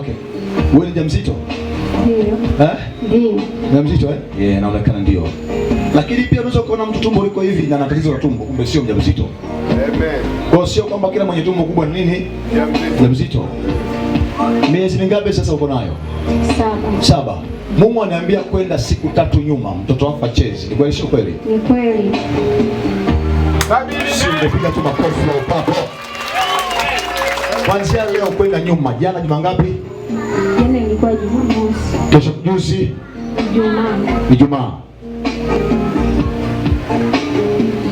wake. Wewe ni mjamzito? Ndio. Eh? Ndio. Mjamzito eh? Yeah, inaonekana ndio. Lakini pia unaweza kuona mtu tumbo liko hivi na ana tatizo la tumbo, kumbe sio mjamzito. Amen. Kwa sio kwamba kila mwenye tumbo kubwa ni nini? Mjamzito. Miezi mingapi sasa uko nayo? Saba. Saba. Mungu anaambia kwenda siku tatu nyuma mtoto wako acheze. Ni kweli sio kweli? Ni kweli. kupiga tu makofi ya upapo kuanzia leo kwenda nyuma. Jana juma ngapi? Jana ilikuwa Jumamosi. Kesho juzi ni Ijumaa.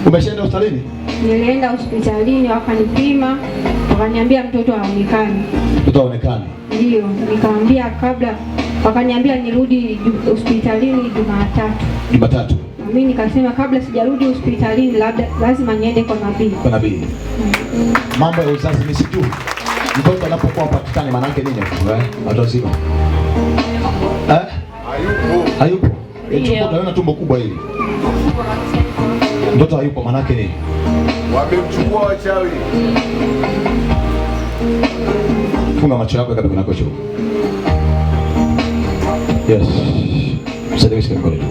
Umeshaenda hospitalini? Nilienda hospitalini wakanipima, wakaniambia mtoto haonekani. Mtoto haonekani? Ndio, nikaambia kabla, wakaniambia nirudi hospitalini Jumatatu. Jumatatu. Mimi nikasema kabla sijarudi hospitalini, labda lazima niende kwa nabii. Kwa nabii. Mm. Mambo ya uzazi ni sijui. Mtoto anapokuwa patikani maana yake nini? Watu eh, wazima. Eh? Hayupo. Hayupo. Eh, Chukua unaona tumbo kubwa hili. Mtoto hayupo maana yake nini? Wamemchukua wachawi. Funga macho yako kabla kunakocho. Yes. Msaidie kwa kule.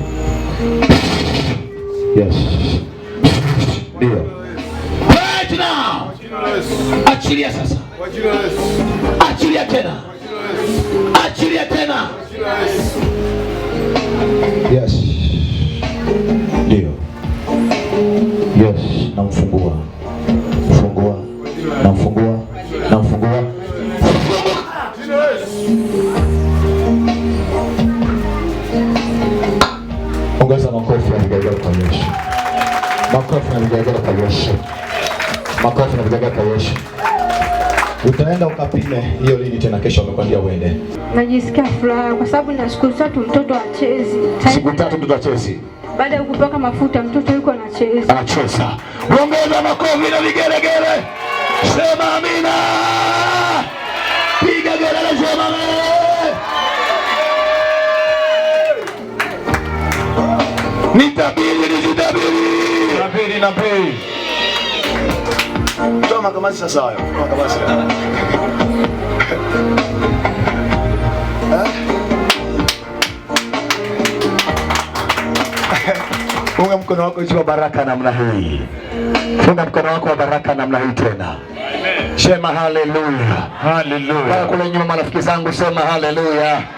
Yes. Ndio. Right now. Achilia sasa. Achilia tena, achilia tena. Yes, ndio. Yes, namfungua, mfungua, namfungua, namfungua. makofi na vigagara kwa Yesu, makofi na vigagara kwa Yesu utaenda ukapime hiyo lini tena kesho, amekwambia uende. Najisikia furaha kwa sababu na siku tatu mtoto achezi, siku tatu mtoto achezi. Baada ya kupaka mafuta mtoto yuko anacheza, anacheza. Ongeza makofi na vigelegele, sema amina, piga gelele, sema amina. nitabiri, nitabiri, nitabiri na pei Toa makamasi sasa hayo. Makamasi. Funga eh? mkono wako juu wa baraka namna hii. Funga mkono wako wa baraka namna hii tena. Sema haleluya. Haleluya. Kule nyuma marafiki zangu sema haleluya.